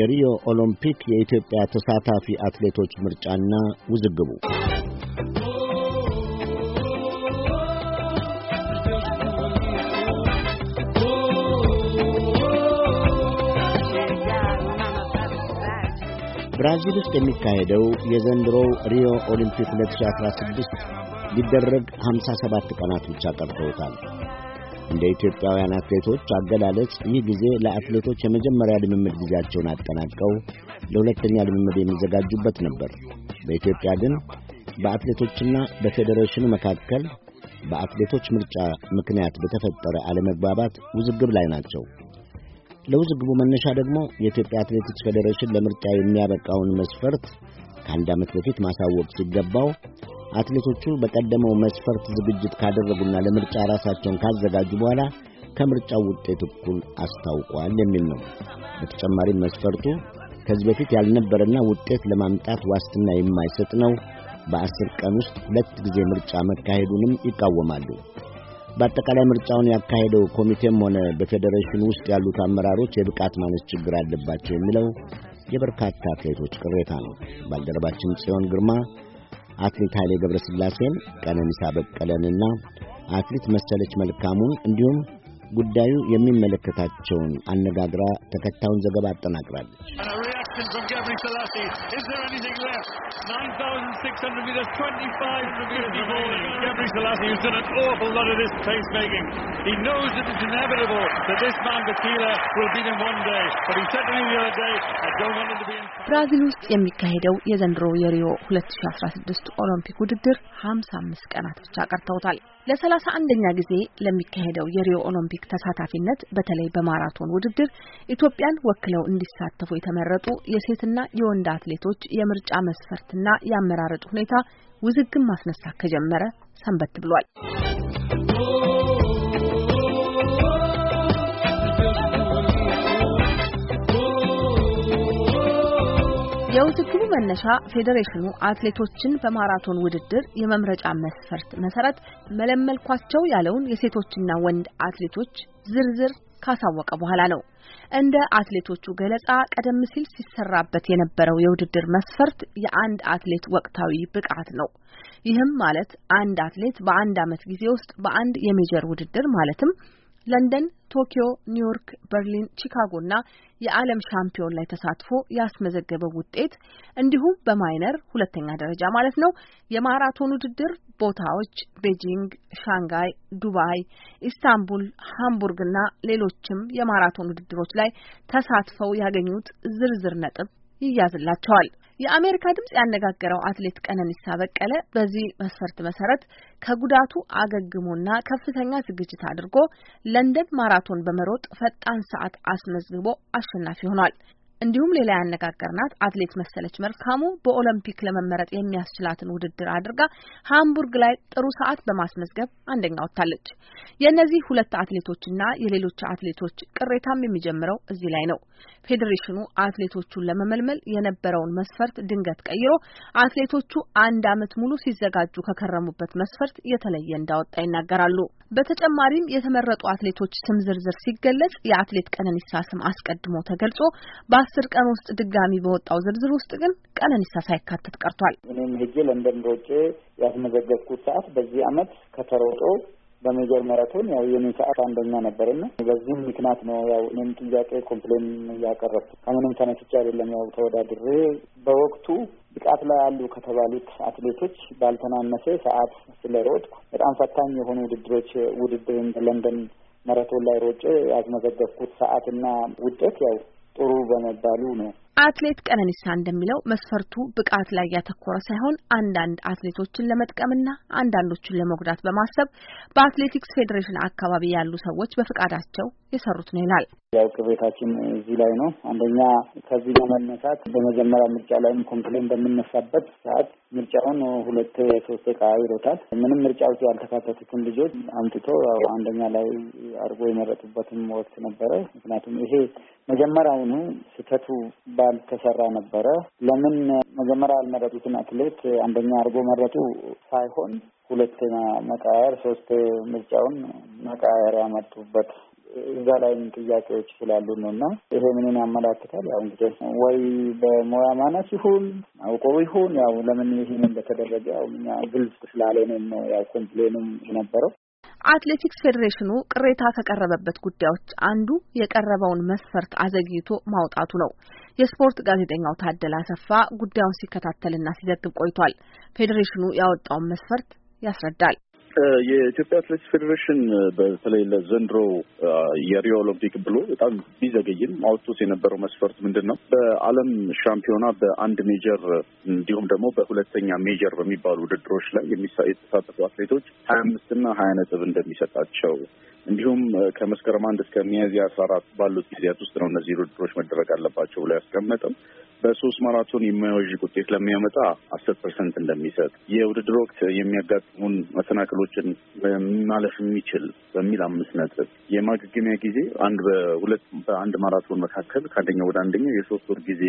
የሪዮ ኦሎምፒክ የኢትዮጵያ ተሳታፊ አትሌቶች ምርጫና ውዝግቡ ብራዚል ውስጥ የሚካሄደው የዘንድሮው ሪዮ ኦሊምፒክ 2016 ሊደረግ 57 ቀናት ብቻ ቀርተውታል። እንደ ኢትዮጵያውያን አትሌቶች አገላለጽ ይህ ጊዜ ለአትሌቶች የመጀመሪያ ልምምድ ጊዜያቸውን አጠናቀው ለሁለተኛ ልምምድ የሚዘጋጁበት ነበር። በኢትዮጵያ ግን በአትሌቶችና በፌዴሬሽኑ መካከል በአትሌቶች ምርጫ ምክንያት በተፈጠረ አለመግባባት ውዝግብ ላይ ናቸው። ለውዝግቡ መነሻ ደግሞ የኢትዮጵያ አትሌቲክስ ፌዴሬሽን ለምርጫ የሚያበቃውን መስፈርት ከአንድ ዓመት በፊት ማሳወቅ ሲገባው አትሌቶቹ በቀደመው መስፈርት ዝግጅት ካደረጉና ለምርጫ ራሳቸውን ካዘጋጁ በኋላ ከምርጫው ውጤት እኩል አስታውቋል የሚል ነው። በተጨማሪም መስፈርቱ ከዚህ በፊት ያልነበረና ውጤት ለማምጣት ዋስትና የማይሰጥ ነው። በአስር ቀን ውስጥ ሁለት ጊዜ ምርጫ መካሄዱንም ይቃወማሉ። በአጠቃላይ ምርጫውን ያካሄደው ኮሚቴም ሆነ በፌዴሬሽን ውስጥ ያሉት አመራሮች የብቃት ማነስ ችግር አለባቸው የሚለው የበርካታ አትሌቶች ቅሬታ ነው። ባልደረባችን ጽዮን ግርማ አትሌት ኃይሌ ገብረስላሴን፣ ቀነኒሳ በቀለንና አትሌት መሰለች መልካሙን እንዲሁም ጉዳዩ የሚመለከታቸውን አነጋግራ ተከታዩን ዘገባ አጠናቅራለች። from Gabri Salati. Is there anything left? 9,600 metres, 25 metres of Gabri Salati, has done an awful lot of this making. He knows that it's inevitable that this man, Bakila, will beat him one day. But he said to me the other day, I don't want him to be in... ብራዚል ውስጥ የሚካሄደው የዘንድሮ የሪዮ 2016 ኦሎምፒክ ውድድር 55 ቀናት ብቻ ቀርተውታል። ለሰላሳ አንደኛ ጊዜ ለሚካሄደው የሪዮ ኦሎምፒክ ተሳታፊነት በተለይ በማራቶን ውድድር ኢትዮጵያን ወክለው እንዲሳተፉ የተመረጡ የሴትና የወንድ አትሌቶች የምርጫ መስፈርትና የአመራረጥ ሁኔታ ውዝግም ማስነሳት ከጀመረ ሰንበት ብሏል። የግቡ መነሻ ፌዴሬሽኑ አትሌቶችን በማራቶን ውድድር የመምረጫ መስፈርት መሰረት መለመልኳቸው ያለውን የሴቶችና ወንድ አትሌቶች ዝርዝር ካሳወቀ በኋላ ነው። እንደ አትሌቶቹ ገለጻ ቀደም ሲል ሲሰራበት የነበረው የውድድር መስፈርት የአንድ አትሌት ወቅታዊ ብቃት ነው። ይህም ማለት አንድ አትሌት በአንድ ዓመት ጊዜ ውስጥ በአንድ የሜጀር ውድድር ማለትም ለንደን፣ ቶኪዮ፣ ኒውዮርክ፣ በርሊን፣ ቺካጎ እና የዓለም ሻምፒዮን ላይ ተሳትፎ ያስመዘገበው ውጤት እንዲሁም በማይነር ሁለተኛ ደረጃ ማለት ነው የማራቶን ውድድር ቦታዎች ቤጂንግ፣ ሻንጋይ፣ ዱባይ፣ ኢስታንቡል፣ እና ሌሎችም የማራቶን ውድድሮች ላይ ተሳትፈው ያገኙት ዝርዝር ነጥብ ይያዝላቸዋል። የአሜሪካ ድምጽ ያነጋገረው አትሌት ቀነኒሳ በቀለ በዚህ መስፈርት መሰረት ከጉዳቱ አገግሞና ከፍተኛ ዝግጅት አድርጎ ለንደን ማራቶን በመሮጥ ፈጣን ሰዓት አስመዝግቦ አሸናፊ ሆኗል። እንዲሁም ሌላ ያነጋገርናት አትሌት መሰለች መልካሙ በኦሎምፒክ ለመመረጥ የሚያስችላትን ውድድር አድርጋ ሃምቡርግ ላይ ጥሩ ሰዓት በማስመዝገብ አንደኛ ወጥታለች። የእነዚህ ሁለት አትሌቶችና የሌሎች አትሌቶች ቅሬታም የሚጀምረው እዚህ ላይ ነው። ፌዴሬሽኑ አትሌቶቹን ለመመልመል የነበረውን መስፈርት ድንገት ቀይሮ አትሌቶቹ አንድ ዓመት ሙሉ ሲዘጋጁ ከከረሙበት መስፈርት የተለየ እንዳወጣ ይናገራሉ። በተጨማሪም የተመረጡ አትሌቶች ስም ዝርዝር ሲገለጽ የአትሌት ቀነኒሳ ስም አስቀድሞ ተገልጾ አስር ቀን ውስጥ ድጋሚ በወጣው ዝርዝር ውስጥ ግን ቀነኒሳ ሳይካተት ቀርቷል። እኔም ሄጄ ለንደን ሮጬ ያስመዘገብኩት ሰዓት በዚህ አመት ከተሮጦ በሜጀር መረቶን ያው የኔ ሰዓት አንደኛ ነበርና በዚህም ምክንያት ነው ያው እኔም ጥያቄ ኮምፕሌን እያቀረብኩ ከምንም ተነስቼ አይደለም። ያው ተወዳድሬ በወቅቱ ብቃት ላይ ያሉ ከተባሉት አትሌቶች ባልተናነሰ ሰዓት ስለሮጥኩ በጣም ፈታኝ የሆኑ ውድድሮች ውድድርን ለንደን መረቶን ላይ ሮጬ ያስመዘገብኩት ሰዓትና ውጤት ያው ሩበን ባሉ ነው አትሌት ቀነኒሳ እንደሚለው መስፈርቱ ብቃት ላይ ያተኮረ ሳይሆን አንዳንድ አትሌቶችን ለመጥቀምና አንዳንዶችን ለመጉዳት በማሰብ በአትሌቲክስ ፌዴሬሽን አካባቢ ያሉ ሰዎች በፈቃዳቸው የሰሩት ነው ይላል። ያው ቅቤታችን እዚህ ላይ ነው። አንደኛ ከዚህ በመነሳት በመጀመሪያ ምርጫ ላይም ኮምፕሌን በምነሳበት ሰዓት ምርጫውን ሁለት ሶስት ይሮታል ምንም ምርጫ ውስጥ ያልተካተቱትን ልጆች አምጥቶ ያው አንደኛ ላይ አድርጎ የመረጡበትም ወቅት ነበረ። ምክንያቱም ይሄ መጀመሪያውኑ ስህተቱ ያልተሰራ ነበረ። ለምን መጀመሪያ ያልመረጡትን አትሌት አንደኛ አድርጎ መረጡ ሳይሆን ሁለተኛ መቃየር፣ ሶስት ምርጫውን መቃየር ያመጡበት እዛ ላይም ጥያቄዎች ስላሉ ነው እና ይሄ ምንን ያመላክታል? ያው እንግዲህ ወይ በሙያ ማነስ ይሁን አውቆ ይሁን ያው ለምን ይህን እንደተደረገ ያው እኛ ግልጽ ስላልሆነም ነው ያው ኮምፕሌንም የነበረው። አትሌቲክስ ፌዴሬሽኑ ቅሬታ ከቀረበበት ጉዳዮች አንዱ የቀረበውን መስፈርት አዘግይቶ ማውጣቱ ነው። የስፖርት ጋዜጠኛው ታደለ አሰፋ ጉዳዩን ሲከታተልና ሲዘግብ ቆይቷል። ፌዴሬሽኑ ያወጣውን መስፈርት ያስረዳል። የኢትዮጵያ አትሌቲክስ ፌዴሬሽን በተለይ ለዘንድሮ የሪዮ ኦሎምፒክ ብሎ በጣም ቢዘገይም አውጥቶት የነበረው መስፈርት ምንድን ነው? በዓለም ሻምፒዮና በአንድ ሜጀር እንዲሁም ደግሞ በሁለተኛ ሜጀር በሚባሉ ውድድሮች ላይ የተሳተፉ አትሌቶች ሀያ አምስትና ሀያ ነጥብ እንደሚሰጣቸው እንዲሁም ከመስከረም አንድ እስከ ሚያዝያ አስራ አራት ባሉት ጊዜያት ውስጥ ነው እነዚህ ውድድሮች መደረግ አለባቸው ብሎ ያስቀመጠው። በሶስት ማራቶን የማይወዥቅ ውጤት ለሚያመጣ አስር ፐርሰንት እንደሚሰጥ የውድድር ወቅት የሚያጋጥሙን መሰናክሎችን ማለፍ የሚችል በሚል አምስት ነጥብ የማገገሚያ ጊዜ አንድ በሁለት በአንድ ማራቶን መካከል ከአንደኛው ወደ አንደኛው የሶስት ወር ጊዜ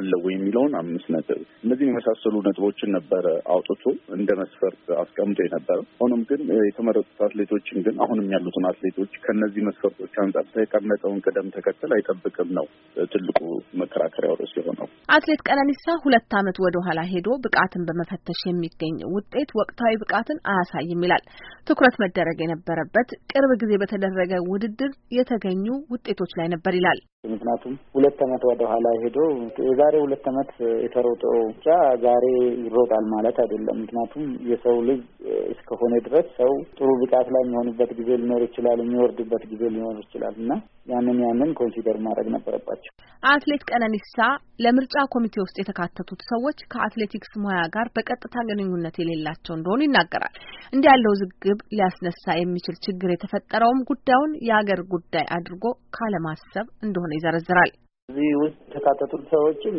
አለው የሚለውን አምስት ነጥብ እነዚህን የመሳሰሉ ነጥቦችን ነበረ አውጥቶ እንደ መስፈርት አስቀምጦ የነበረ። ሆኖም ግን የተመረጡት አትሌቶችን ግን አሁንም ያሉትን አትሌቶች ከነዚህ መስፈርቶች አንጻር ተቀመጠውን ቅደም ተከተል አይጠብቅም ነው ትልቁ መከራከሪያ ርዕስ የሆነው። አትሌት ቀነኒሳ ሁለት ዓመት ወደ ኋላ ሄዶ ብቃትን በመፈተሽ የሚገኝ ውጤት ወቅታዊ ብቃትን አያሳይም ይላል። ትኩረት መደረግ የነበረበት ቅርብ ጊዜ በተደረገ ውድድር የተገኙ ውጤቶች ላይ ነበር ይላል። ምክንያቱም ሁለት ዓመት ወደ ኋላ ሄዶ የዛሬ ሁለት ዓመት የተሮጠው ብቻ ዛሬ ይሮጣል ማለት አይደለም። ምክንያቱም የሰው ልጅ እስከሆነ ድረስ ሰው ጥሩ ብቃት ላይ የሚሆንበት ጊዜ ሊኖር ይችላል፣ የሚወርድበት ጊዜ ሊኖር ይችላል እና ያንን ያንን ኮንሲደር ማድረግ ነበረባቸው። አትሌት ቀነኒሳ ለምር በምርጫ ኮሚቴ ውስጥ የተካተቱት ሰዎች ከአትሌቲክስ ሙያ ጋር በቀጥታ ግንኙነት የሌላቸው እንደሆኑ ይናገራል። እንዲህ ያለው ዝግብ ሊያስነሳ የሚችል ችግር የተፈጠረውም ጉዳዩን የአገር ጉዳይ አድርጎ ካለማሰብ እንደሆነ ይዘረዝራል። እዚህ ውስጥ የተካተቱት ሰዎችም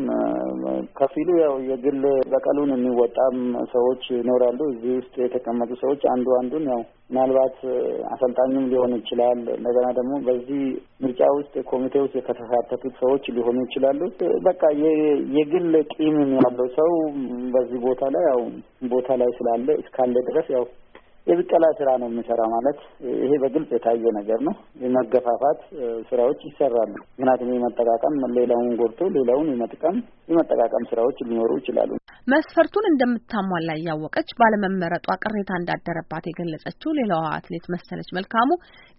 ከፊሉ ያው የግል በቀሉን የሚወጣም ሰዎች ይኖራሉ። እዚህ ውስጥ የተቀመጡ ሰዎች አንዱ አንዱን ያው ምናልባት አሰልጣኙም ሊሆን ይችላል። እንደገና ደግሞ በዚህ ምርጫ ውስጥ ኮሚቴ ውስጥ የተካተቱት ሰዎች ሊሆኑ ይችላሉ። በቃ የግል ቂምም ያለው ሰው በዚህ ቦታ ላይ ያው ቦታ ላይ ስላለ እስካለ ድረስ ያው የብቀላ ስራ ነው የምሰራ ማለት ይሄ በግልጽ የታየ ነገር ነው። የመገፋፋት ስራዎች ይሰራሉ። ምክንያቱም የመጠቃቀም ሌላውን ጎድቶ ሌላውን የመጥቀም የመጠቃቀም ስራዎች ሊኖሩ ይችላሉ። መስፈርቱን እንደምታሟላ እያወቀች ባለመመረጧ ቅሬታ እንዳደረባት የገለጸችው ሌላዋ አትሌት መሰለች መልካሙ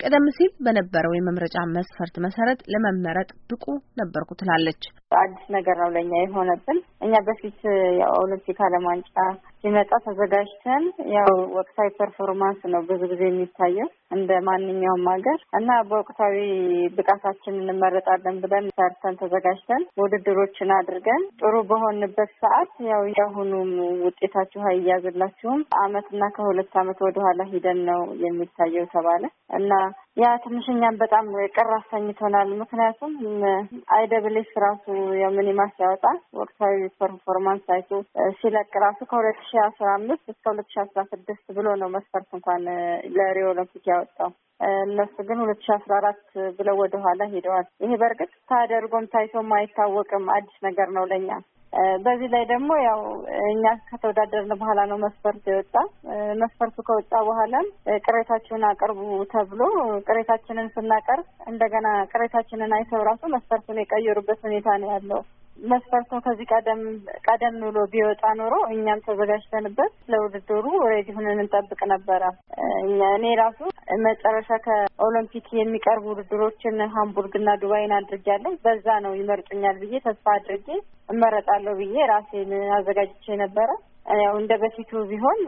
ቀደም ሲል በነበረው የመምረጫ መስፈርት መሰረት ለመመረጥ ብቁ ነበርኩ ትላለች። አዲስ ነገር ነው ለእኛ የሆነብን። እኛ በፊት የኦሎምፒክ ዓለም ዋንጫ ሲመጣ ተዘጋጅተን ያው ወቅታዊ ፐርፎርማንስ ነው ብዙ ጊዜ የሚታየው እንደ ማንኛውም ሀገር እና በወቅታዊ ብቃታችን እንመረጣለን ብለን ሰርተን ተዘጋጅተን ውድድሮችን አድርገን ጥሩ በሆንበት ሰዓት ያው የአሁኑም ውጤታችሁ አይያዝላችሁም አመትና ከሁለት አመት ወደኋላ ሂደን ነው የሚታየው ተባለ እና ያ ትንሽኛም በጣም ቅር አሰኝቶናል። ምክንያቱም አይደብሌስ ራሱ የሚኒማ ሲያወጣ ወቅታዊ ፐርፎርማንስ አይቶ ሲለቅ ራሱ ከሁለት ሺ አስራ አምስት እስከ ሁለት ሺ አስራ ስድስት ብሎ ነው መስፈርት እንኳን ለሪዮ ኦሎምፒክ ያወጣው። እነሱ ግን ሁለት ሺ አስራ አራት ብለው ወደኋላ ሄደዋል። ይሄ በእርግጥ ታደርጎም ታይቶም አይታወቅም አዲስ ነገር ነው ለኛ በዚህ ላይ ደግሞ ያው እኛ ከተወዳደርን በኋላ ነው መስፈርቱ የወጣ። መስፈርቱ ከወጣ በኋላም ቅሬታችሁን አቅርቡ ተብሎ ቅሬታችንን ስናቀርብ እንደገና ቅሬታችንን አይተው ራሱ መስፈርቱን የቀየሩበት ሁኔታ ነው ያለው። መስፈርቱን ከዚህ ቀደም ቀደም ብሎ ቢወጣ ኖሮ እኛም ተዘጋጅተንበት ለውድድሩ ሬዲ ሆነን እንጠብቅ ነበረ። እኔ ራሱ መጨረሻ ከኦሎምፒክ የሚቀርቡ ውድድሮችን ሃምቡርግና ዱባይን አድርጌያለሁ። በዛ ነው ይመርጡኛል ብዬ ተስፋ አድርጌ እመረጣለሁ ብዬ ራሴን አዘጋጅቼ ነበረ። ያው እንደ በፊቱ ቢሆን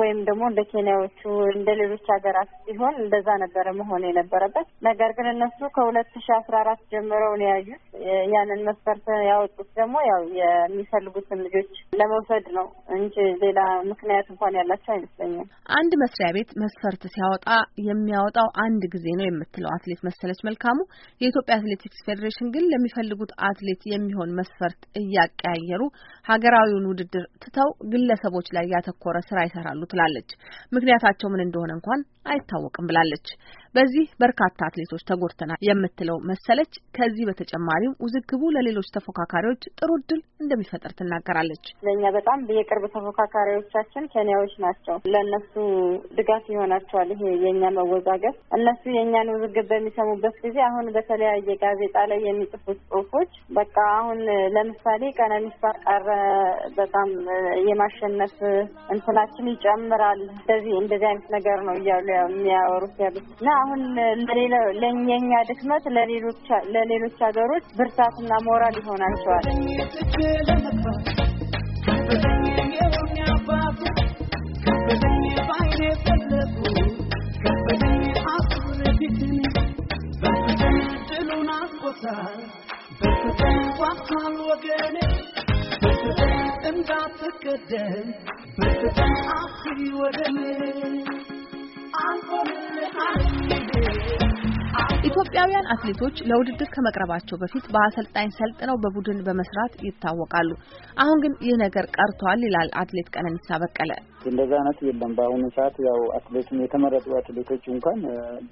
ወይም ደግሞ እንደ ኬንያዎቹ እንደ ሌሎች ሀገራት ቢሆን እንደዛ ነበረ መሆን የነበረበት። ነገር ግን እነሱ ከሁለት ሺ አስራ አራት ጀምረው ነው ያዩት። ያንን መስፈርት ያወጡት ደግሞ ያው የሚፈልጉትን ልጆች ለመውሰድ ነው እንጂ ሌላ ምክንያት እንኳን ያላቸው አይመስለኝም። አንድ መስሪያ ቤት መስፈርት ሲያወጣ የሚያወጣው አንድ ጊዜ ነው የምትለው አትሌት መሰለች መልካሙ፣ የኢትዮጵያ አትሌቲክስ ፌዴሬሽን ግን ለሚፈልጉት አትሌት የሚሆን መስፈርት እያቀያየሩ ሀገራዊውን ውድድር ትተው ግለሰቦች ላይ ያተኮረ ስራ ይሰራሉ ትላለች። ምክንያታቸው ምን እንደሆነ እንኳን አይታወቅም ብላለች። በዚህ በርካታ አትሌቶች ተጎድተናል የምትለው መሰለች ከዚህ በተጨማሪም ውዝግቡ ለሌሎች ተፎካካሪዎች ጥሩ እድል እንደሚፈጥር ትናገራለች። ለእኛ በጣም የቅርብ ተፎካካሪዎቻችን ኬንያዎች ናቸው። ለእነሱ ድጋፍ ይሆናቸዋል ይሄ የእኛ መወዛገብ። እነሱ የእኛን ውዝግብ በሚሰሙበት ጊዜ አሁን በተለያየ ጋዜጣ ላይ የሚጽፉት ጽሁፎች በቃ አሁን ለምሳሌ ቀነኒሳ ቀረ በጣም የማ የማሸነፍ እንትናችን ይጨምራል። እንደዚህ እንደዚህ አይነት ነገር ነው እያሉ የሚያወሩት ያሉት እና አሁን ለኛ ድክመት ለሌሎች ሀገሮች ብርታትና ሞራል ይሆናቸዋል። But the ኢትዮጵያውያን አትሌቶች ለውድድር ከመቅረባቸው በፊት በአሰልጣኝ ሰልጥነው በቡድን በመስራት ይታወቃሉ። አሁን ግን ይህ ነገር ቀርቷል ይላል አትሌት ቀነኒሳ በቀለ። እንደዛ አይነት የለም። በአሁኑ ሰዓት ያው አትሌቱም የተመረጡ አትሌቶች እንኳን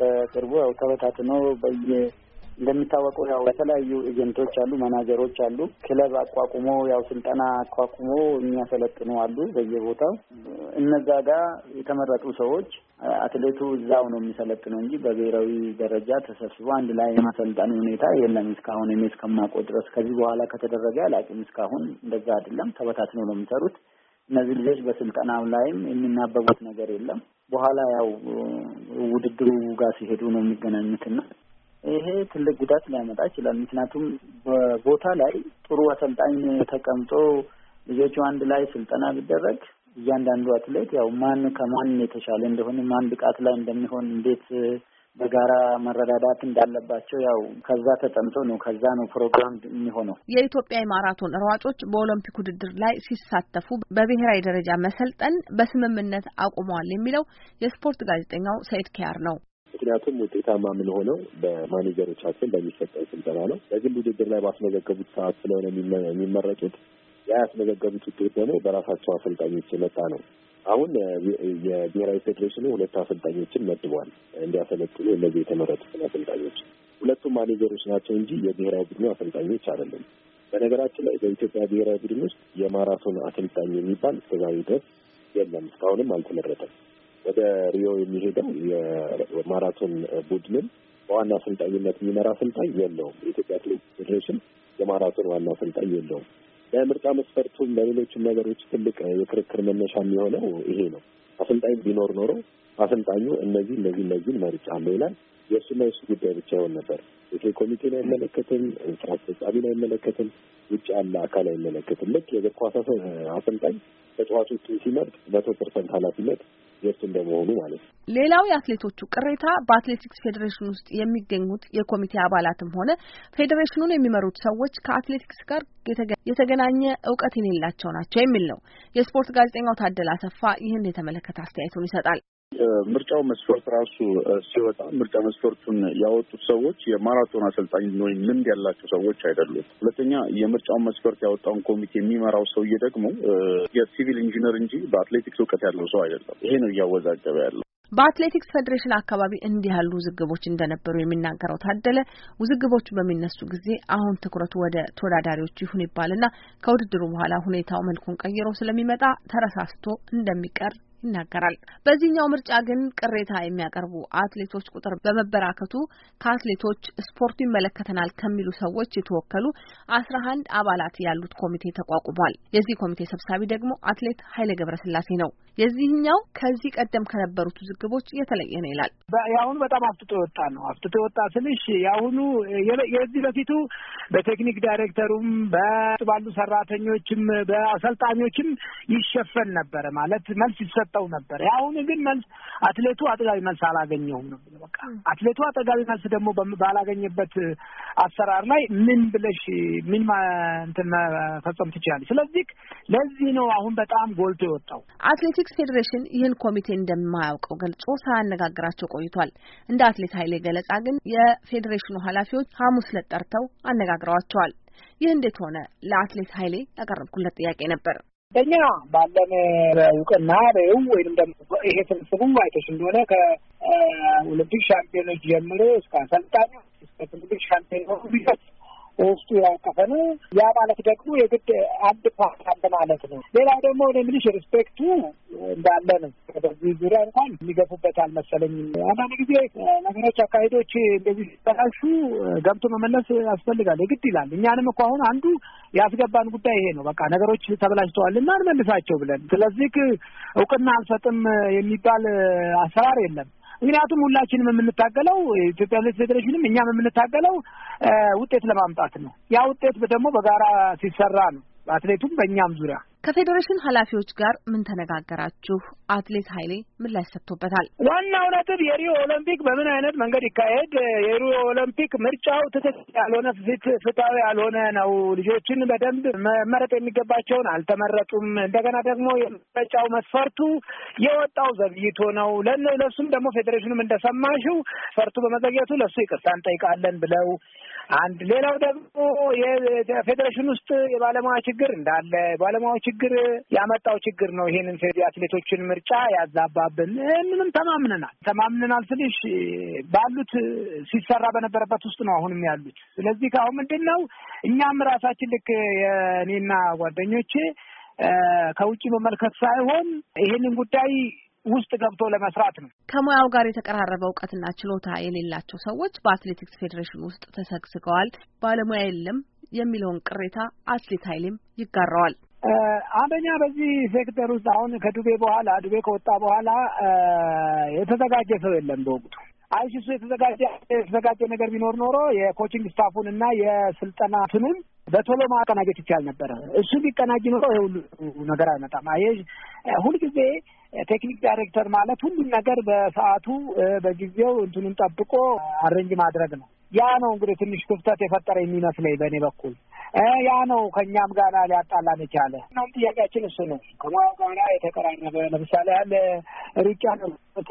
በቅርቡ ያው ተበታትነው በየ እንደሚታወቀው ያው የተለያዩ ኤጀንቶች አሉ፣ መናጀሮች አሉ። ክለብ አቋቁሞ ያው ስልጠና አቋቁሞ የሚያሰለጥኑ አሉ በየቦታው። እነዛ ጋር የተመረጡ ሰዎች አትሌቱ እዛው ነው የሚሰለጥነው እንጂ በብሔራዊ ደረጃ ተሰብስቦ አንድ ላይ የማሰልጠን ሁኔታ የለም እስካሁን እኔ እስከማውቀው ድረስ። ከዚህ በኋላ ከተደረገ አላውቅም። እስካሁን እንደዛ አይደለም፣ ተበታትነው ነው የሚሰሩት። እነዚህ ልጆች በስልጠናው ላይም የሚናበቡት ነገር የለም። በኋላ ያው ውድድሩ ጋር ሲሄዱ ነው የሚገናኙትና ይሄ ትልቅ ጉዳት ሊያመጣ ይችላል። ምክንያቱም በቦታ ላይ ጥሩ አሰልጣኝ ተቀምጦ ልጆቹ አንድ ላይ ስልጠና ቢደረግ እያንዳንዱ አትሌት ያው ማን ከማን የተሻለ እንደሆነ ማን ብቃት ላይ እንደሚሆን እንዴት በጋራ መረዳዳት እንዳለባቸው ያው ከዛ ተጠምቶ ነው ከዛ ነው ፕሮግራም የሚሆነው። የኢትዮጵያ የማራቶን ሯጮች በኦሎምፒክ ውድድር ላይ ሲሳተፉ በብሔራዊ ደረጃ መሰልጠን በስምምነት አቁመዋል የሚለው የስፖርት ጋዜጠኛው ሰይድ ኪያር ነው። ምክንያቱም ውጤታማ የምንሆነው በማኔጀሮቻችን በሚሰጠው ስልጠና ነው። በግል ውድድር ላይ ባስመዘገቡት ሰዓት ስለሆነ የሚመረጡት ያ ያስመዘገቡት ውጤት ደግሞ በራሳቸው አሰልጣኞች የመጣ ነው። አሁን የብሔራዊ ፌዴሬሽኑ ሁለት አሰልጣኞችን መድቧል እንዲያሰለጥኑ እነዚህ የተመረጡትን አሰልጣኞች ሁለቱም ማኔጀሮች ናቸው እንጂ የብሔራዊ ቡድኑ አሰልጣኞች አይደለም። በነገራችን ላይ በኢትዮጵያ ብሔራዊ ቡድን ውስጥ የማራቶን አሰልጣኝ የሚባል እስከዛሬ ድረስ የለም፣ እስካሁንም አልተመረጠም። ወደ ሪዮ የሚሄደው የማራቶን ቡድንም በዋና አሰልጣኝነት የሚመራ አሰልጣኝ የለውም። የኢትዮጵያ አትሌቲክስ ፌዴሬሽን የማራቶን ዋና አሰልጣኝ የለውም። ለምርጫ መስፈርቱም ለሌሎችም ነገሮች ትልቅ የክርክር መነሻ የሚሆነው ይሄ ነው። አሰልጣኝ ቢኖር ኖሮ አሰልጣኙ እነዚህ እነዚህ እነዚህን መርጫለሁ ይላል። የእሱና የእሱ ጉዳይ ብቻ ይሆን ነበር። ይሄ ኮሚቴን አይመለከትም፣ ስራ አስፈጻሚን አይመለከትም፣ ውጭ ያለ አካል አይመለከትም። ልክ የእግር ኳስ አሰልጣኝ ተጫዋቾችን ሲመርጥ መቶ ፐርሰንት ኃላፊነት ስፖርት እንደመሆኑ ማለት ነው። ሌላው የአትሌቶቹ ቅሬታ በአትሌቲክስ ፌዴሬሽን ውስጥ የሚገኙት የኮሚቴ አባላትም ሆነ ፌዴሬሽኑን የሚመሩት ሰዎች ከአትሌቲክስ ጋር የተገናኘ እውቀት የሌላቸው ናቸው የሚል ነው። የስፖርት ጋዜጠኛው ታደለ አሰፋ ይህን የተመለከተ አስተያየቱን ይሰጣል። ምርጫው መስፈርት ራሱ ሲወጣ ምርጫ መስፈርቱን ያወጡት ሰዎች የማራቶን አሰልጣኝ ወይም ልምድ ያላቸው ሰዎች አይደሉም። ሁለተኛ የምርጫውን መስፈርት ያወጣውን ኮሚቴ የሚመራው ሰውዬ ደግሞ የሲቪል ኢንጂነር እንጂ በአትሌቲክስ እውቀት ያለው ሰው አይደለም። ይሄ ነው እያወዛገበ ያለው። በአትሌቲክስ ፌዴሬሽን አካባቢ እንዲህ ያሉ ውዝግቦች እንደነበሩ የሚናገረው ታደለ ውዝግቦቹ በሚነሱ ጊዜ አሁን ትኩረቱ ወደ ተወዳዳሪዎቹ ይሁን ይባልና ከውድድሩ በኋላ ሁኔታው መልኩን ቀይሮ ስለሚመጣ ተረሳስቶ እንደሚቀር ይናገራል። በዚህኛው ምርጫ ግን ቅሬታ የሚያቀርቡ አትሌቶች ቁጥር በመበራከቱ ከአትሌቶች ስፖርቱ ይመለከተናል ከሚሉ ሰዎች የተወከሉ አስራ አንድ አባላት ያሉት ኮሚቴ ተቋቁሟል። የዚህ ኮሚቴ ሰብሳቢ ደግሞ አትሌት ኃይሌ ገብረስላሴ ነው። የዚህኛው ከዚህ ቀደም ከነበሩት ውዝግቦች የተለየ ነው ይላል። የአሁኑ በጣም አፍትቶ የወጣ ነው። አፍትቶ የወጣ ስልሽ የአሁኑ የዚህ በፊቱ በቴክኒክ ዳይሬክተሩም በባሉ ሰራተኞችም በአሰልጣኞችም ይሸፈን ነበረ ማለት መልስ ይሰጥ ሰጠው ነበር። አሁን ግን መልስ አትሌቱ አጥጋቢ መልስ አላገኘውም ነው። በቃ አትሌቱ አጥጋቢ መልስ ደግሞ ባላገኘበት አሰራር ላይ ምን ብለሽ ምን እንትን መፈጸም ትችላለች? ስለዚህ ለዚህ ነው አሁን በጣም ጎልቶ የወጣው። አትሌቲክስ ፌዴሬሽን ይህን ኮሚቴ እንደማያውቀው ገልጾ ሳያነጋግራቸው ቆይቷል። እንደ አትሌት ኃይሌ ገለጻ ግን የፌዴሬሽኑ ኃላፊዎች ሐሙስ ለጠርተው አነጋግረዋቸዋል። ይህ እንዴት ሆነ? ለአትሌት ኃይሌ ያቀረብኩለት ጥያቄ ነበር። በእኛ ባለን እውቅና ሬው ወይም ደግሞ ይሄ ስብስቡ አይተሽ እንደሆነ ከኦሎምፒክ ሻምፒዮኖች ጀምሮ እስከ አሰልጣኞች እስከ ትልልቅ ሻምፒዮኖች ውስጡ ያቀፈ ነው። ያ ማለት ደግሞ የግድ አንድ ፓርቲ አለ ማለት ነው። ሌላው ደግሞ እኔ የምልሽ ሪስፔክቱ እንዳለ ነው። በዚህ ዙሪያ እንኳን የሚገፉበት አልመሰለኝም። አንዳንድ ጊዜ ነገሮች፣ አካሄዶች እንደዚህ ሲበላሹ ገብቶ መመለስ ያስፈልጋል፣ የግድ ይላል። እኛንም እኮ አሁን አንዱ ያስገባን ጉዳይ ይሄ ነው። በቃ ነገሮች ተበላሽተዋል እና እንመልሳቸው ብለን ስለዚህ እውቅና አልሰጥም የሚባል አሰራር የለም። ምክንያቱም ሁላችንም የምንታገለው ኢትዮጵያ ሌት ፌዴሬሽንም እኛም የምንታገለው ውጤት ለማምጣት ነው። ያ ውጤት ደግሞ በጋራ ሲሰራ ነው። አትሌቱም በእኛም ዙሪያ ከፌዴሬሽን ኃላፊዎች ጋር ምን ተነጋገራችሁ? አትሌት ኃይሌ ምላሽ ሰጥቶበታል። ዋናው ነጥብ የሪዮ ኦሎምፒክ በምን አይነት መንገድ ይካሄድ፣ የሪዮ ኦሎምፒክ ምርጫው ትክክል ያልሆነ ፊት ፍትሐዊ ያልሆነ ነው። ልጆችን በደንብ መመረጥ የሚገባቸውን አልተመረጡም። እንደገና ደግሞ የምርጫው መስፈርቱ የወጣው ዘግይቶ ነው። ለሱም ደግሞ ፌዴሬሽኑም እንደሰማሽው መስፈርቱ በመዘግየቱ ለሱ ይቅርታ እንጠይቃለን ብለው አንድ ሌላው ደግሞ የፌዴሬሽን ውስጥ የባለሙያ ችግር እንዳለ የባለሙያው ችግር ያመጣው ችግር ነው። ይሄንን የአትሌቶችን ምርጫ ያዛባብን ምንም ተማምነናል ተማምነናል ስልሽ ባሉት ሲሰራ በነበረበት ውስጥ ነው አሁንም ያሉት። ስለዚህ ከአሁን ምንድን ነው እኛም ራሳችን ልክ የእኔና ጓደኞቼ ከውጭ መመልከት ሳይሆን ይህንን ጉዳይ ውስጥ ገብቶ ለመስራት ነው። ከሙያው ጋር የተቀራረበ እውቀትና ችሎታ የሌላቸው ሰዎች በአትሌቲክስ ፌዴሬሽን ውስጥ ተሰግስገዋል፣ ባለሙያ የለም የሚለውን ቅሬታ አትሌት ኃይሌም ይጋራዋል። አንደኛ በዚህ ሴክተር ውስጥ አሁን ከዱቤ በኋላ ዱቤ ከወጣ በኋላ የተዘጋጀ ሰው የለም። በወቅቱ አይሲሱ የተዘጋጀ የተዘጋጀ ነገር ቢኖር ኖሮ የኮችንግ ስታፉን እና የስልጠና ትኑን በቶሎ ማቀናጀት ይቻል ነበረ። እሱ ቢቀናጅ ኖሮ ይሄ ነገር አይመጣም። ይሄ ሁልጊዜ ቴክኒክ ዳይሬክተር ማለት ሁሉም ነገር በሰዓቱ በጊዜው እንትኑን ጠብቆ አረንጅ ማድረግ ነው። ያ ነው እንግዲህ ትንሽ ክፍተት የፈጠረ የሚመስለኝ በእኔ በኩል። ያ ነው ከእኛም ጋር ሊያጣላን የቻለ እናም ጥያቄያችን እሱ ነው። ከሙያው ጋር የተቀራረበ ለምሳሌ ያለ ሩጫ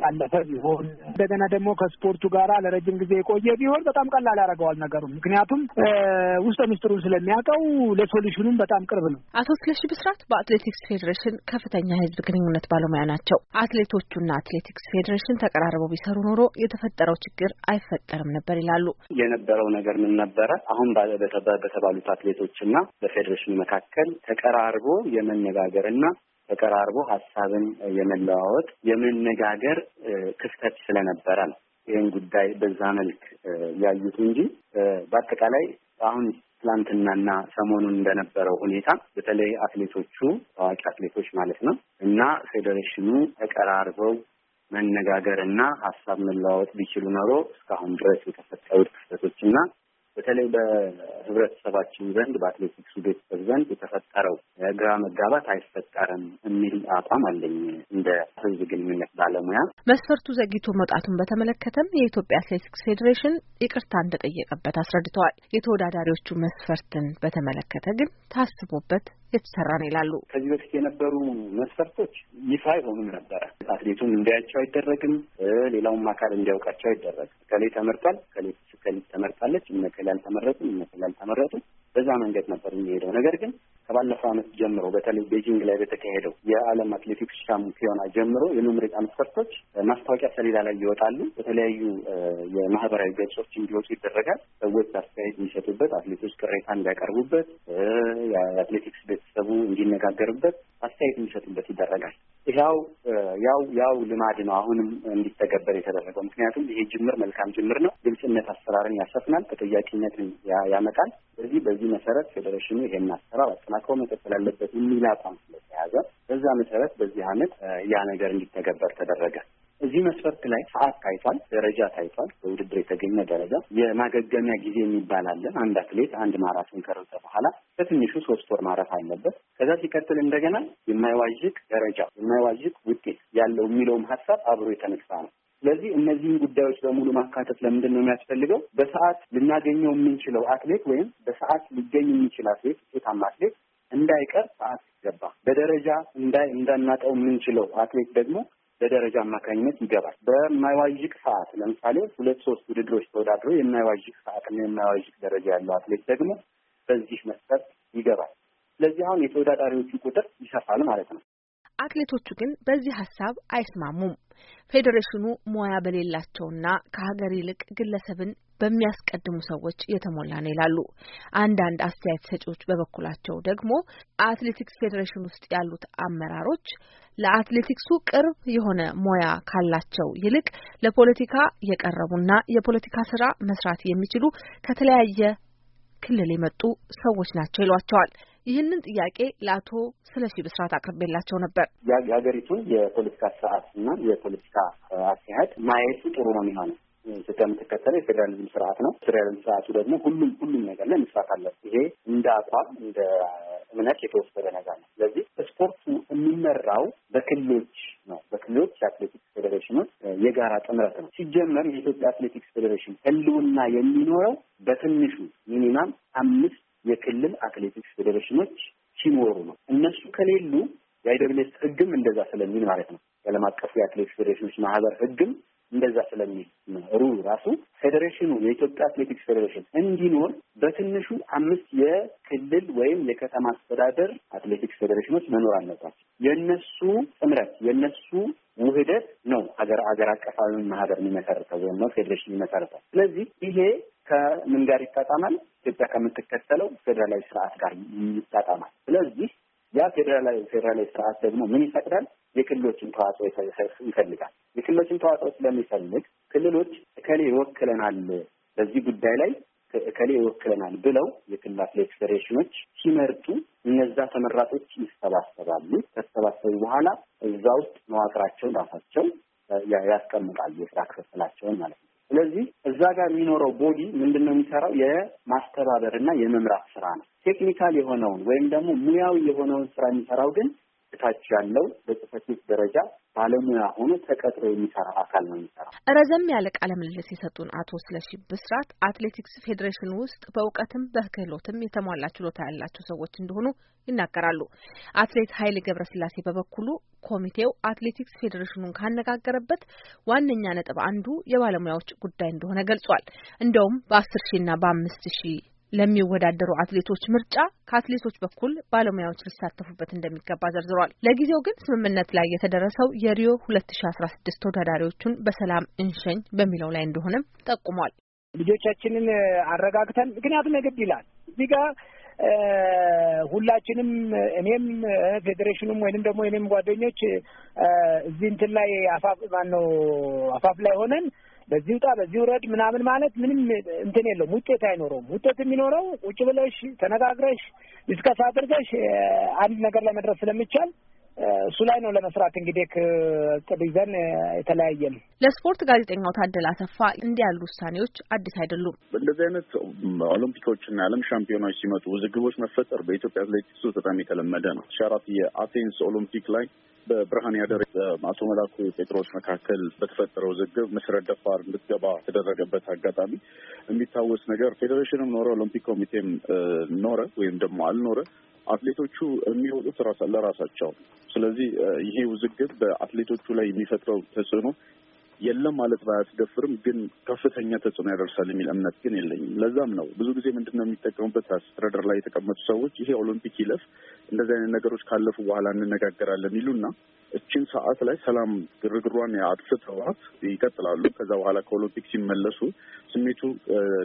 ያለፈ ቢሆን እንደገና ደግሞ ከስፖርቱ ጋራ ለረጅም ጊዜ የቆየ ቢሆን በጣም ቀላል ያደርገዋል ነገሩ። ምክንያቱም ውስጠ ምስጢሩን ስለሚያውቀው ለሶሉሽኑም በጣም ቅርብ ነው። አቶ ስለሺ ብስራት በአትሌቲክስ ፌዴሬሽን ከፍተኛ የህዝብ ግንኙነት ባለሙያ ናቸው። አትሌቶቹና አትሌቲክስ ፌዴሬሽን ተቀራርበው ቢሰሩ ኖሮ የተፈጠረው ችግር አይፈጠርም ነበር ይላሉ። የነበረው ነገር ምን ነበረ? አሁን በተባሉት አትሌ ቤቶችና በፌዴሬሽኑ መካከል ተቀራርቦ የመነጋገር እና ተቀራርቦ ሀሳብን የመለዋወጥ የመነጋገር ክፍተት ስለነበረ ነው ይህን ጉዳይ በዛ መልክ ያዩት እንጂ በአጠቃላይ አሁን ትላንትናና ሰሞኑን እንደነበረው ሁኔታ በተለይ አትሌቶቹ ታዋቂ አትሌቶች ማለት ነው እና ፌዴሬሽኑ ተቀራርበው መነጋገር እና ሀሳብ መለዋወጥ ቢችሉ ኖሮ እስካሁን ድረስ የተፈጠሩት ክስተቶች እና በተለይ በህብረተሰባችን ዘንድ በአትሌቲክሱ ቤተሰብ ዘንድ የተፈጠረው ግራ መጋባት አይፈጠርም የሚል አቋም አለኝ እንደ ህዝብ ግንኙነት ባለሙያ። መስፈርቱ ዘግይቶ መውጣቱን በተመለከተም የኢትዮጵያ አትሌቲክስ ፌዴሬሽን ይቅርታ እንደጠየቀበት አስረድተዋል። የተወዳዳሪዎቹ መስፈርትን በተመለከተ ግን ታስቦበት የተሰራ ነው ይላሉ። ከዚህ በፊት የነበሩ መስፈርቶች ይፋ አይሆኑም ነበረ። አትሌቱን እንዲያያቸው አይደረግም፣ ሌላውም አካል እንዲያውቃቸው አይደረግም። ከሌ ተመርጧል፣ ከሌ ተመርጣለች፣ እነከሌ አልተመረጡም፣ እነከሌ አልተመረጡም በዛ መንገድ ነበር የሚሄደው። ነገር ግን ከባለፈው ዓመት ጀምሮ በተለይ ቤጂንግ ላይ በተካሄደው የዓለም አትሌቲክስ ሻምፒዮና ጀምሮ የመምረጫ መስፈርቶች ማስታወቂያ ሰሌዳ ላይ ይወጣሉ። በተለያዩ የማህበራዊ ገጾች እንዲወጡ ይደረጋል። ሰዎች አስተያየት የሚሰጡበት፣ አትሌቶች ቅሬታ እንዲያቀርቡበት፣ የአትሌቲክስ ቤተሰቡ እንዲነጋገርበት አስተያየት የሚሰጡበት ይደረጋል። ይኸው ያው ያው ልማድ ነው አሁንም እንዲተገበር የተደረገው። ምክንያቱም ይሄ ጅምር መልካም ጅምር ነው። ግልጽነት አሰራርን ያሰፍናል፣ ተጠያቂነትን ያመጣል። ስለዚህ በዚህ መሰረት ፌዴሬሽኑ ይሄን አሰራር አጠናክሮ መቀጠል አለበት የሚል አቋም ስለተያዘ በዛ መሰረት በዚህ ዓመት ያ ነገር እንዲተገበር ተደረገ። እዚህ መስፈርት ላይ ሰዓት ታይቷል፣ ደረጃ ታይቷል። በውድድር የተገኘ ደረጃ የማገገሚያ ጊዜ የሚባል አለ። አንድ አትሌት አንድ ማራቶን ከሮጠ በኋላ በትንሹ ሶስት ወር ማረፍ አለበት። ከዛ ሲቀጥል እንደገና የማይዋዥቅ ደረጃ የማይዋዥቅ ውጤት ያለው የሚለውም ሀሳብ አብሮ የተነሳ ነው። ስለዚህ እነዚህን ጉዳዮች በሙሉ ማካተት ለምንድን ነው የሚያስፈልገው? በሰዓት ልናገኘው የምንችለው አትሌት ወይም በሰዓት ሊገኝ የሚችል አትሌት ውጤታማ አትሌት እንዳይቀር ሰዓት ይገባ። በደረጃ እንዳናጠው የምንችለው አትሌት ደግሞ በደረጃ አማካኝነት ይገባል። በማይዋዥቅ ሰዓት ለምሳሌ ሁለት ሶስት ውድድሮች ተወዳድረው የማይዋዥቅ ሰዓትና የማይዋዥቅ ደረጃ ያለው አትሌት ደግሞ በዚህ መስፈርት ይገባል። ስለዚህ አሁን የተወዳዳሪዎቹ ቁጥር ይሰፋል ማለት ነው። አትሌቶቹ ግን በዚህ ሀሳብ አይስማሙም። ፌዴሬሽኑ ሙያ በሌላቸውና ከሀገር ይልቅ ግለሰብን በሚያስቀድሙ ሰዎች የተሞላ ነው ይላሉ። አንዳንድ አስተያየት ሰጪዎች በበኩላቸው ደግሞ አትሌቲክስ ፌዴሬሽን ውስጥ ያሉት አመራሮች ለአትሌቲክሱ ቅርብ የሆነ ሙያ ካላቸው ይልቅ ለፖለቲካ የቀረቡና የፖለቲካ ስራ መስራት የሚችሉ ከተለያየ ክልል የመጡ ሰዎች ናቸው ይሏቸዋል። ይህንን ጥያቄ ለአቶ ስለሺ ብስራት አቅርቤላቸው ነበር። የሀገሪቱን የፖለቲካ ስርዓትና የፖለቲካ አካሄድ ማየቱ ጥሩ ነው የሚሆነው ኢትዮጵያ የምትከተለ የፌዴራሊዝም ስርዓት ነው። ፌዴራሊዝም ስርዓቱ ደግሞ ሁሉም ሁሉም ነገር ላይ መስራት አለ። ይሄ እንደ አቋም እንደ እምነት የተወሰደ ነገር ነው። ስለዚህ ስፖርቱ የሚመራው በክልሎች ነው። በክልሎች የአትሌቲክስ ፌዴሬሽኖች የጋራ ጥምረት ነው። ሲጀመር የኢትዮጵያ አትሌቲክስ ፌዴሬሽን ህልውና የሚኖረው በትንሹ ሚኒማም አምስት የክልል አትሌቲክስ ፌዴሬሽኖች ሲኖሩ ነው። እነሱ ከሌሉ የአይደብሌስ ህግም እንደዛ ስለሚል ማለት ነው። የዓለም አቀፉ የአትሌቲክስ ፌዴሬሽኖች ማህበር ህግም እንደዛ ስለሚል ሩሉ ራሱ ፌዴሬሽኑ የኢትዮጵያ አትሌቲክስ ፌዴሬሽን እንዲኖር በትንሹ አምስት የክልል ወይም የከተማ አስተዳደር አትሌቲክስ ፌዴሬሽኖች መኖር አለባቸው። የእነሱ ጥምረት የእነሱ ውህደት ነው ሀገር ሀገር አቀፋዊ ማህበር የሚመሰርተው ወይም ፌዴሬሽን የሚመሰርተው። ስለዚህ ይሄ ከምን ጋር ይጣጣማል? ኢትዮጵያ ከምትከተለው ፌዴራላዊ ስርዓት ጋር ይጣጣማል። ስለዚህ ያ ፌዴራላዊ ፌዴራላዊ ስርዓት ደግሞ ምን ይፈቅዳል? የክልሎችን ተዋጽኦ ይፈልጋል። የክልሎችን ተዋጽኦ ስለሚፈልግ ክልሎች እከሌ ይወክለናል፣ በዚህ ጉዳይ ላይ እከሌ ይወክለናል ብለው የክልል አትሌቲክስ ፌዴሬሽኖች ሲመርጡ እነዛ ተመራጮች ይሰባሰባሉ። ከተሰባሰቡ በኋላ እዛ ውስጥ መዋቅራቸውን ራሳቸው ያስቀምጣሉ፣ የስራ ክፍፍላቸውን ማለት ነው። ስለዚህ እዛ ጋር የሚኖረው ቦዲ ምንድን ነው የሚሰራው? የማስተባበር እና የመምራት ስራ ነው። ቴክኒካል የሆነውን ወይም ደግሞ ሙያዊ የሆነውን ስራ የሚሰራው ግን እታች ያለው በጽህፈት ቤት ደረጃ ባለሙያ ሆኖ ተቀጥሮ የሚሰራ አካል ነው የሚሰራ። ረዘም ያለ ቃለ ምልልስ የሰጡን አቶ ስለሺ ብስራት አትሌቲክስ ፌዴሬሽን ውስጥ በእውቀትም በክህሎትም የተሟላ ችሎታ ያላቸው ሰዎች እንደሆኑ ይናገራሉ። አትሌት ኃይሌ ገብረስላሴ በበኩሉ ኮሚቴው አትሌቲክስ ፌዴሬሽኑን ካነጋገረበት ዋነኛ ነጥብ አንዱ የባለሙያዎች ጉዳይ እንደሆነ ገልጿል። እንደውም በአስር ሺና በአምስት ሺህ ለሚወዳደሩ አትሌቶች ምርጫ ከአትሌቶች በኩል ባለሙያዎች ሊሳተፉበት እንደሚገባ ዘርዝሯል። ለጊዜው ግን ስምምነት ላይ የተደረሰው የሪዮ ሁለት ሺ አስራ ስድስት ተወዳዳሪዎቹን በሰላም እንሸኝ በሚለው ላይ እንደሆነም ጠቁሟል። ልጆቻችንን አረጋግተን ምክንያቱም የግድ ይላል እዚህ ጋር ሁላችንም እኔም ፌዴሬሽኑም ወይንም ደግሞ እኔም ጓደኞች እዚህ እንትን ላይ አፋፍ ማነው አፋፍ ላይ ሆነን በዚህ ውጣ በዚህ ውረድ ምናምን ማለት ምንም እንትን የለውም፣ ውጤት አይኖረውም። ውጤት የሚኖረው ቁጭ ብለሽ ተነጋግረሽ ዲስከስ አድርገሽ አንድ ነገር ላይ መድረስ ስለሚቻል እሱ ላይ ነው ለመስራት እንግዲህ እቅድ ይዘን የተለያየን። ለስፖርት ጋዜጠኛው ታደለ አሰፋ እንዲህ ያሉ ውሳኔዎች አዲስ አይደሉም። እንደዚህ አይነት ኦሎምፒኮችና ዓለም ሻምፒዮናዎች ሲመጡ ውዝግቦች መፈጠር በኢትዮጵያ አትሌቲክስ ውስጥ በጣም የተለመደ ነው። ሸራት የአቴንስ ኦሎምፒክ ላይ በብርሃን ያደር አቶ መላኩ ጴጥሮስ መካከል በተፈጠረው ውዝግብ መሰረት ደፋር እንድትገባ የተደረገበት አጋጣሚ የሚታወስ ነገር ፌዴሬሽንም ኖረ ኦሎምፒክ ኮሚቴም ኖረ ወይም ደግሞ አልኖረ አትሌቶቹ የሚወጡት ለራሳቸው። ስለዚህ ይሄ ውዝግብ በአትሌቶቹ ላይ የሚፈጥረው ተጽዕኖ የለም ማለት ባያስደፍርም ግን ከፍተኛ ተጽዕኖ ያደርሳል የሚል እምነት ግን የለኝም። ለዛም ነው ብዙ ጊዜ ምንድን ነው የሚጠቀሙበት አስተዳደር ላይ የተቀመጡ ሰዎች ይሄ ኦሎምፒክ ይለፍ፣ እንደዚህ አይነት ነገሮች ካለፉ በኋላ እንነጋገራለን ይሉና እችን ሰዓት ላይ ሰላም ግርግሯን አጥፍተዋት ይቀጥላሉ። ከዛ በኋላ ከኦሎምፒክ ሲመለሱ ስሜቱ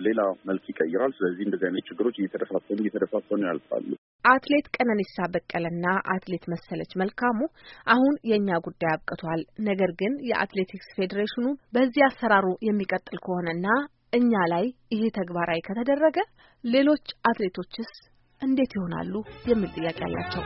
ሌላ መልክ ይቀይራል። ስለዚህ እንደዚህ አይነት ችግሮች እየተደፋፈኑ እየተደፋፈኑ ያልፋሉ። አትሌት ቀነኒሳ በቀለና አትሌት መሰለች መልካሙ አሁን የእኛ ጉዳይ አብቅቷል፣ ነገር ግን የአትሌቲክስ ፌዴሬሽኑ በዚህ አሰራሩ የሚቀጥል ከሆነና እኛ ላይ ይሄ ተግባራዊ ከተደረገ ሌሎች አትሌቶችስ እንዴት ይሆናሉ የሚል ጥያቄ አላቸው።